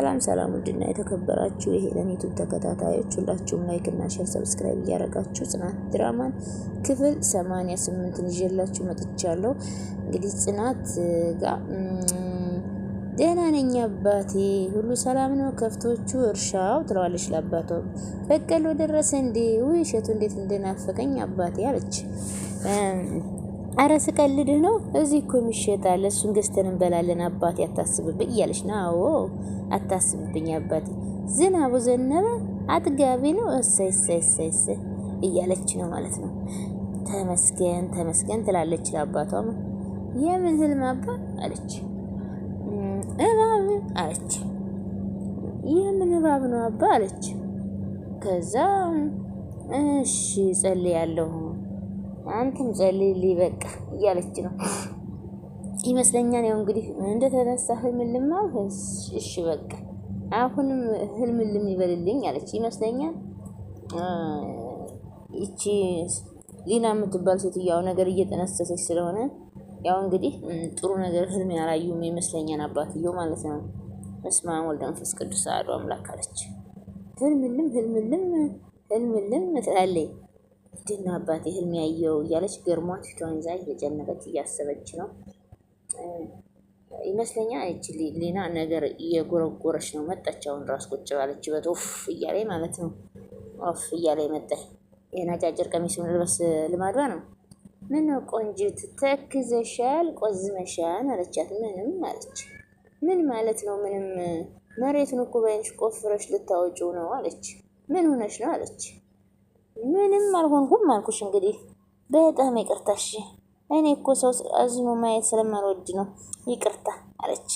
ሰላም ሰላም፣ ውድና የተከበራችሁ የሄለን ዩቱብ ተከታታዮች ሁላችሁም ላይክ እና ሼር፣ ሰብስክራይብ እያደረጋችሁ ጽናት ድራማን ክፍል 88ን ይዤላችሁ መጥቻለሁ። እንግዲህ ጽናት ጋር ደህና ነኝ አባቴ፣ ሁሉ ሰላም ነው፣ ከፍቶቹ እርሻው ትለዋለች ለአባቷ። በቀሎ ደረሰ እንዴ? ውይ እሸቱ እንዴት እንደናፈቀኝ አባቴ አለች። አረ ስቀልድህ ነው። እዚህ እኮ የሚሸጣል እሱን ገዝተን እንበላለን። አባቴ አታስብብኝ እያለች ነው። አዎ አታስብብኝ አባቴ። ዝናቡ ዘነበ አጥጋቢ ነው። እሰይ እሰይ እሰይ እሰይ እያለች ነው ማለት ነው። ተመስገን ተመስገን ትላለች ለአባቷ። የምን ህልም አባ አለች። እባብ አለች። የምን እባብ ነው አባ አለች። ከዛ እሺ ጸልያለሁ አንተም ጸልይ በቃ እያለች ነው ይመስለኛል። ያው እንግዲህ እንደተነሳ ህልምልማ እሺ በቃ አሁንም ህልም ልም ይበልልኝ አለች ይመስለኛል። ይቺ ሊና የምትባል ሴትዮዋ ነገር እየጠነሰሰች ስለሆነ ያው እንግዲህ ጥሩ ነገር ህልም ያላዩም ይመስለኛል አባትየው ማለት ነው። በስመ አብ ወወልድ ወመንፈስ ቅዱስ አሐዱ አምላክ አለች። ህልምልም ህልምልም ህልምልም ትላለች ድና አባት ህልም ያየው እያለች ገርሟት ፊቷን ዛ እየጨነቀች እያሰበች ነው ይመስለኛ እች ሌና ነገር እየጎረጎረች ነው መጣች። አሁን ራስ ቁጭ ባለችበት ፍ እያለ ማለት ነው ፍ እያለ መጠ ይህን አጫጭር ቀሚስ መልበስ ልማዷ ነው። ምን ቆንጅት ተክዘሻል፣ ቆዝመሻል አለቻት። ምንም አለች። ምን ማለት ነው? ምንም መሬቱን እኮ ባይንሽ ቆፍረሽ ልታወጪው ነው አለች። ምን ሆነሽ ነው አለች ምንም አልሆንኩም አልኩሽ። እንግዲህ በጣም ይቅርታሽ፣ እኔ እኮ ሰው አዝኖ ማየት ስለማልወድ ነው። ይቅርታ አለች።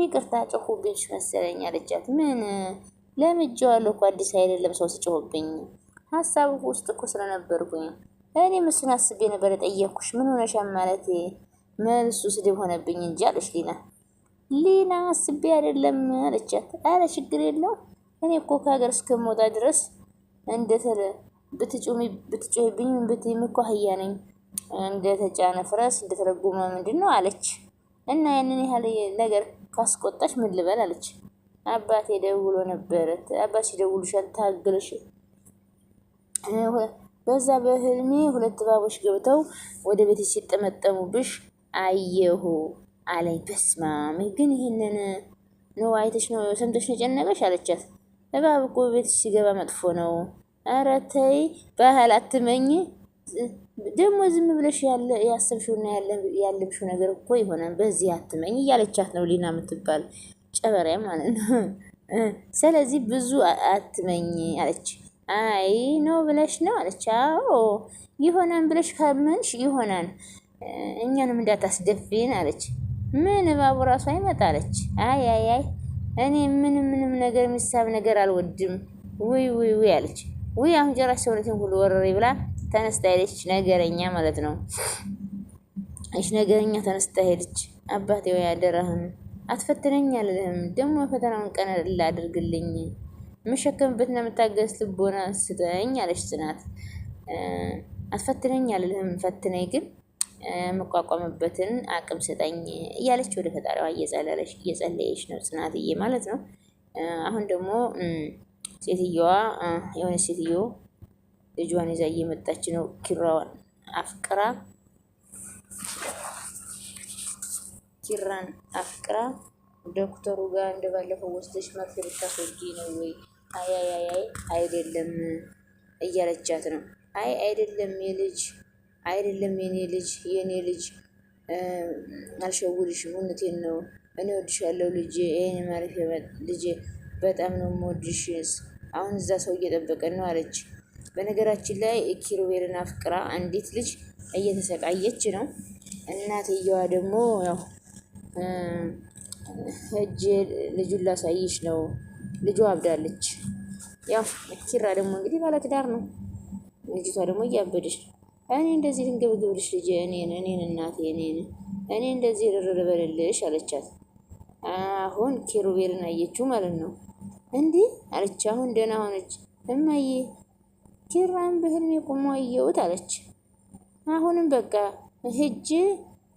ይቅርታ ጮኹብሽ መሰለኝ አለቻት። ምን ለምጄዋለሁ እኮ አዲስ አይደለም ሰው ስጮሁብኝ፣ ሀሳቡ ውስጥ እኮ ስለነበርኩኝ እኔ ምስን አስቤ ነበር የጠየኩሽ። ምን ሆነሻ ማለት መልሱ ስድብ ሆነብኝ እንጂ አለች ሊና። ሊና አስቤ አይደለም አለቻት። አረ ችግር የለው እኔ እኮ ከሀገር እስከምወጣ ድረስ እንደተለ ብትጮህብኝ ብትይም እኮ አህያ ነኝ እንደተጫነ ፍረስ እንደተረጎመ ምንድን ነው አለች። እና ያንን ያህል ነገር ካስቆጣሽ ምን ልበል አለች። አባቴ ደውሎ ነበረ። አባት ደውሎሻል ታግለሽ በዛ በህልሜ ሁለት እባቦች ገብተው ወደ ቤት ሲጠመጠሙብሽ አየሁ አለኝ። በስማሜ ግን ይህንን ነው አይተሽ ነው ሰምተሽ ነው የጨነቀሽ አለቻት። እባብ እኮ ቤትሽ ሲገባ መጥፎ ነው ኧረ ተይ ባህል አትመኝ። ደግሞ ዝም ብለሽ ያሰብሽውና ያለምሽው ነገር እኮ ይሆናል፣ በዚህ አትመኝ እያለቻት ነው ሊና የምትባል ጨበሪያ ማለት ነው። ስለዚህ ብዙ አትመኝ አለች። አይ ነው ብለሽ ነው አለች። አዎ ይሆናን ብለሽ ካመንሽ ይሆናን፣ እኛንም እንዳታስደፊን አለች። ምን እባቡ ራሱ አይመጣ አለች። አይ አይ አይ እኔ ምንም ምንም ነገር የሚሳብ ነገር አልወድም። ውይ ውይ ውይ አለች። ውይ አሁን ጀራሽ ሰውነቴን ሁሉ ወረሬ ብላ ተነስታ ሄደች። ነገረኛ ማለት ነው። እሽ ነገረኛ ተነስታ ሄደች። አባቴ ወይ አደራህን አትፈትነኝ አልልህም። ደግሞ ፈተናውን ቀን ላድርግልኝ የምሸከምበትና የምታገዝ ልቦና ስጠኝ አለች ጽናት። አትፈትነኝ አልልህም፣ ፈትነኝ ግን የምቋቋምበትን አቅም ስጠኝ እያለች ወደ ፈጣሪዋ እየጸለየች ነው ጽናትዬ ማለት ነው። አሁን ደግሞ ሴትየዋ የሆነ ሴትዮ ልጇን ይዛ እየመጣች ነው። ኪራዋን አፍቅራ ኪራን አፍቅራ ዶክተሩ ጋር እንደባለፈው ወስደሽ መርፌ ልታስወጊ ነው ወይ? አያያያይ አይደለም እያለቻት ነው። አይ አይደለም የልጅ አይደለም የኔ ልጅ የኔ ልጅ አልሸውልሽም፣ እውነቴን ነው። እኔ ወድሻለሁ ልጄ፣ ይህን ማሪፍ ልጄ፣ በጣም ነው የምወድሽ አሁን እዛ ሰው እየጠበቀን ነው አለች። በነገራችን ላይ ኪሩቤልን አፍቅራ አንዲት ልጅ እየተሰቃየች ነው። እናትየዋ ደግሞ ያው እጅ ልጁን ላሳይሽ ነው ልጁ አብዳለች። ያው ኪራ ደግሞ እንግዲህ ባለትዳር ነው። ልጅቷ ደግሞ እያበደች ነው። እኔ እንደዚህ ልንገብግብልሽ ልጅ እኔን እኔን እናቴ እኔን እኔ እንደዚህ ርርበልልሽ አለቻት። አሁን ኪሩቤልን አየችው ማለት ነው። እንዲህ አለች። አሁን ደህና ሆነች። እማዬ ኪራን በህልሜ ቆሞ አየሁት አለች። አሁንም በቃ ህጅ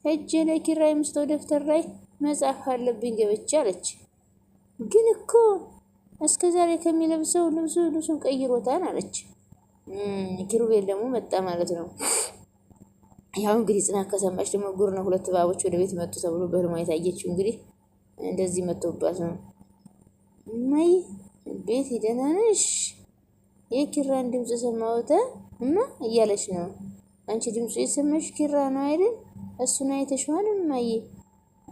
ህጅ ለኪራ የምስጠው ደብተር ላይ መጻፍ አለብኝ ገብቼ አለች። ግን እኮ እስከ ዛሬ ከሚለብሰው ልብሱ ልብሱን ቀይሮታል አለች። ኪሩቤል ደግሞ መጣ ማለት ነው። ያው እንግዲህ ጽናት ከሰማች ደግሞ ጉር ነው። ሁለት እባቦች ወደ ቤት መጡ ተብሎ በህልሟ የታየችው እንግዲህ እንደዚህ መጥቶባት ነው። እማዬ ቤት ደህና ነሽ? የኪራን ድምፅ ሰማሁት እና እያለች ነው። አንቺ ድምፁ የሰማሽ ኪራ ነው አይደል? እሱን አይተሽዋል እማዬ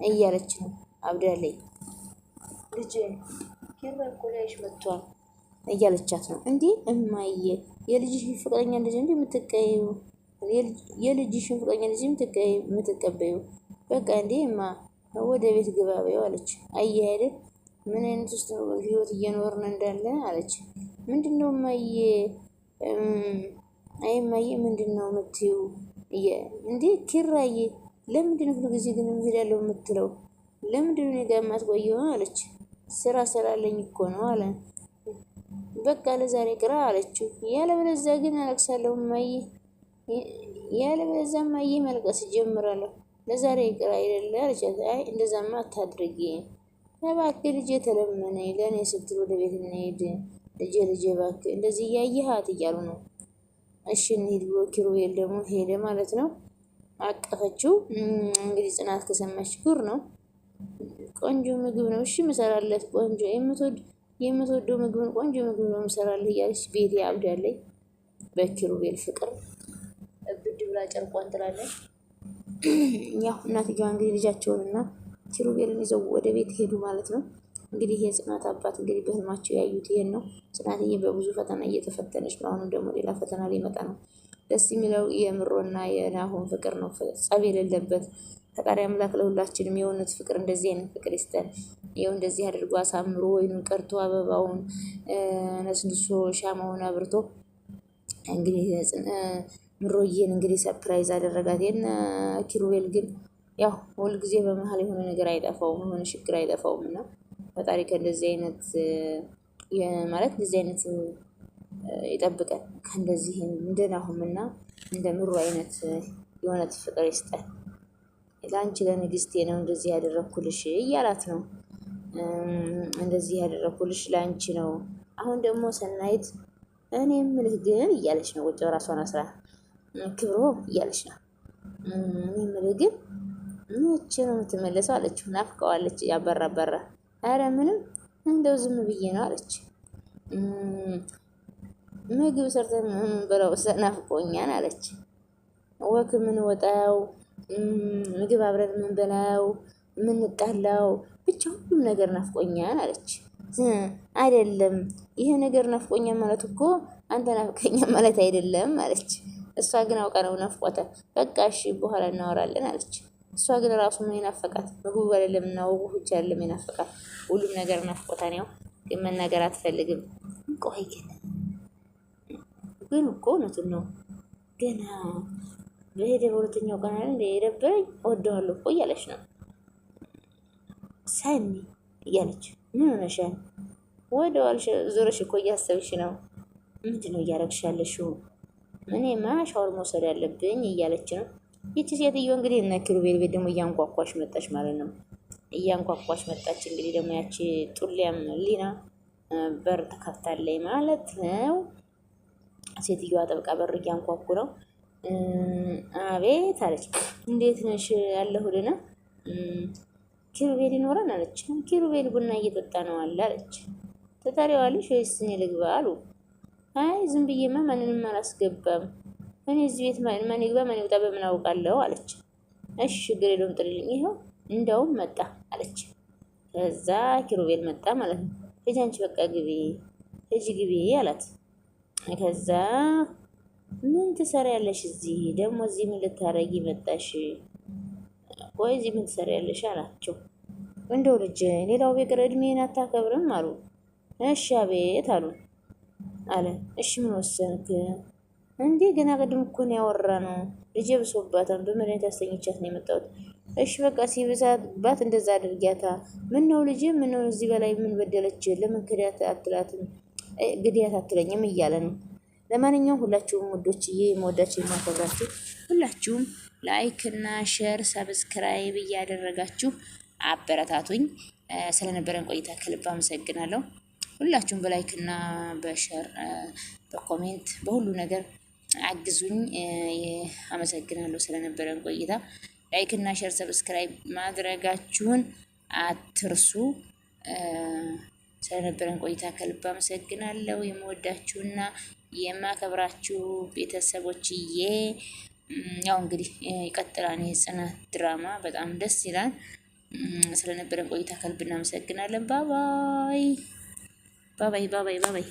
እያለች ነው። አብዳለይ ልጄ ኪራ እኮ ላይሽ መጥቷል እያለቻት ነው። እንዴ እማዬ የልጅሽን ፍቅረኛ ልጅ እንዴ የምትቀይው የልጅሽን ፍቅረኛ ልጅ የምትቀበዩ በቃ እንዴ እማ ወደ ቤት ግባ በይው አለች። አየህ አይደል ምን አይነት ውስጥ ነው ህይወት እየኖርን እንዳለ አለች። ምንድን ነው እማዬ? አይ እማዬ ምንድን ነው የምትይው? እንዴ ኪራዬ፣ ለምንድን ነው ሁሉ ጊዜ ግን እምሄዳለሁ የምትለው? ለምንድን ነው እኔ ጋር የማትቆየው? አለች። ስራ ስላለኝ እኮ ነው አለ። በቃ ለዛሬ ቅራ አለችው። ያለበለዚያ ግን አለቅሳለሁ እማዬ፣ ያለበለዚያ እማዬ መልቀስ ጀምራለሁ። ለዛሬ ቅራ አይደለ አለች። አይ እንደዛማ አታድርጊ እባክህ ልጅ የተለመነ ለእኔ ስትል ወደ ቤት እንሂድ ልጄ ልጄ እባክህ እንደዚህ እያየሃት እያሉ ነው። እሺ እንሂድ ብሎ ኪሩቤል ደግሞ ሄደ ማለት ነው። አቀፈችው እንግዲህ ጽናት ከሰማች ጉር ነው። ቆንጆ ምግብ ነው እሺ ምሰራለት ቆንጆ የምትወድ የምትወደው ምግብን ቆንጆ ምግብ ነው ምሰራለህ እያለች ቤት ያብዳለኝ በኪሩቤል ፍቅር እብድ ብላ ጨርቋን ትላለች። ያው እናትየዋ እንግዲህ ልጃቸውንና ኪሩቤልን ይዘው ወደ ቤት ሄዱ ማለት ነው። እንግዲህ የጽናት አባት እንግዲህ በህልማቸው ያዩት ይሄን ነው። ጽናትዬ በብዙ ፈተና እየተፈተነች ነው። አሁንም ደግሞ ሌላ ፈተና ሊመጣ ነው። ደስ የሚለው የምሮና የናሆን ፍቅር ነው፣ ጸብ የሌለበት ፈጣሪ አምላክ ለሁላችንም የእውነት ፍቅር እንደዚህ አይነት ፍቅር ይስጠን። ይኸው እንደዚህ አድርጎ አሳምሮ ወይኑን ቀርቶ አበባውን ነስንሶ ሻማውን አብርቶ እንግዲህ ምሮዬን እንግዲህ ሰርፕራይዝ አደረጋት። ይህን ኪሩቤል ግን ያው ሁልጊዜ በመሀል የሆነ ነገር አይጠፋውም፣ የሆነ ችግር አይጠፋውም እና ፈጣሪ ከእንደዚህ አይነት ማለት እንደዚህ አይነት ይጠብቀን ከእንደዚህ እንደናሁም እና እንደ ምሩ አይነት የእውነት ፍቅር ይስጠን። ለአንቺ ለንግስቴ ነው እንደዚህ ያደረግኩልሽ እያላት ነው። እንደዚህ ያደረግኩልሽ ለአንቺ ነው። አሁን ደግሞ ሰናይት እኔ ምልህ ግን እያለች ነው። ቁጭ ራሷን አስራ ክብሮ እያለች ነው። እኔ ምልህ ግን መቼ ነው የምትመለሰው አለችው። ናፍቀዋለች። ያበራ በራ አረ ምንም እንደው ዝም ብዬ ነው አለች። ምግብ ሰርተን ብለው ናፍቆኛን አለች። ወክ ወጣው ምግብ አብረን የምንበላው ጣላው ብቻ ሁሉም ነገር ናፍቆኛን አለች። አይደለም ይሄ ነገር ናፍቆኛ ማለት እኮ አንተ ናፍቀኛ ማለት አይደለም አለች። እሷ ግን አውቀ ነው ናፍቆተ። በቃ እሺ በኋላ እናወራለን አለች። እሷ ግን ራሱ ምን ይናፈቃት? ምግቡ በሌለም እና ወጉ ብቻ ያለም ይናፈቃት። ሁሉም ነገር ናፍቆታን ያው ግን መናገር አትፈልግም። ቆይ ግን ግን እኮ እውነቱን ነው ገና በሄደ በሁለተኛው ቀን አለ የደበረኝ ወደዋለሁ እኮ እያለች ነው ሰኒ እያለች ምን ሆነሻል? ወደዋልሽ ዞረሽ እኮ እያሰብሽ ነው። ምንድን ነው እያረግሻለሽ? እኔማ ሻወር መውሰድ ያለብኝ እያለች ነው ይቺ ሴትዮ እንግዲህ እነ ኪሩቤል ቤት ደግሞ እያንኳኳሽ መጣች ማለት ነው። እያንኳኳሽ መጣች እንግዲህ ደግሞ ያቺ ጡሊያም ሊና በር ተከፍታለች ማለት ነው። ሴትዮዋ ጠብቃ በር እያንኳኩ ነው። አቤት አለች። እንዴት ነሽ? አለሁልን ኪሩቤል ይኖረን አለች። ኪሩቤል ቡና እየጠጣ ነው አለ አለች። ተጠሪዋለሽ ወይስ እኔ ልግባ አሉ። አይ ዝም ብዬማ ማንንም አላስገባም እኔ እዚህ ቤት ማን ይግባ ማን ይውጣ በምን አውቃለሁ አለች። እሺ ችግር የለውም ጥሪልኝ፣ ይኸው እንደውም መጣ አለች። ከዛ ኪሩቤል መጣ ማለት ነው። ሂጂ አንቺ በቃ ግቢ፣ ሂጂ ግቢ አላት። ከዛ ምን ትሰሪያለሽ እዚህ ደግሞ እዚህ ምን ልታረጊ መጣሽ? ቆይ እዚህ ምን ትሰሪያለሽ አላቸው። እንደው ልጅ ሌላው ቢቀር እድሜን አታከብርም አሉ። እሺ አቤት አሉ አለ። እሺ ምን ወሰንክ? እንዴ ገና ቅድም እኮ ነው ያወራነው። ልጄ ብሶባታል፣ በመድኃኒት አስተኝቻት ነው የመጣሁት። እሺ በቃ ሲብሳባት እንደዛ አድርጊያታ። ምን ነው ልጄ፣ ምን ነው እዚህ በላይ ምን በደለች? ለምን ክዳት አትላትም? ግድያት አትለኝም እያለ ነው። ለማንኛውም ሁላችሁም ውዶችዬ፣ የመወዳችሁ የማከብራችሁ ሁላችሁም ላይክ እና ሼር ሰብስክራይብ እያደረጋችሁ አበረታቱኝ። ስለነበረን ቆይታ ከልብ አመሰግናለሁ። ሁላችሁም በላይክ እና በሸር በኮሜንት በሁሉ ነገር አግዙኝ። አመሰግናለሁ ስለነበረን ቆይታ። ላይክ እና ሸር፣ ሰብስክራይብ ማድረጋችሁን አትርሱ። ስለነበረን ቆይታ ከልብ አመሰግናለሁ። የምወዳችሁና የማከብራችሁ ቤተሰቦችዬ፣ ያው እንግዲህ ይቀጥላል የጽናት ድራማ በጣም ደስ ይላል። ስለነበረን ቆይታ ከልብ እናመሰግናለን። ባባይ ባባይ ባባይ ባባይ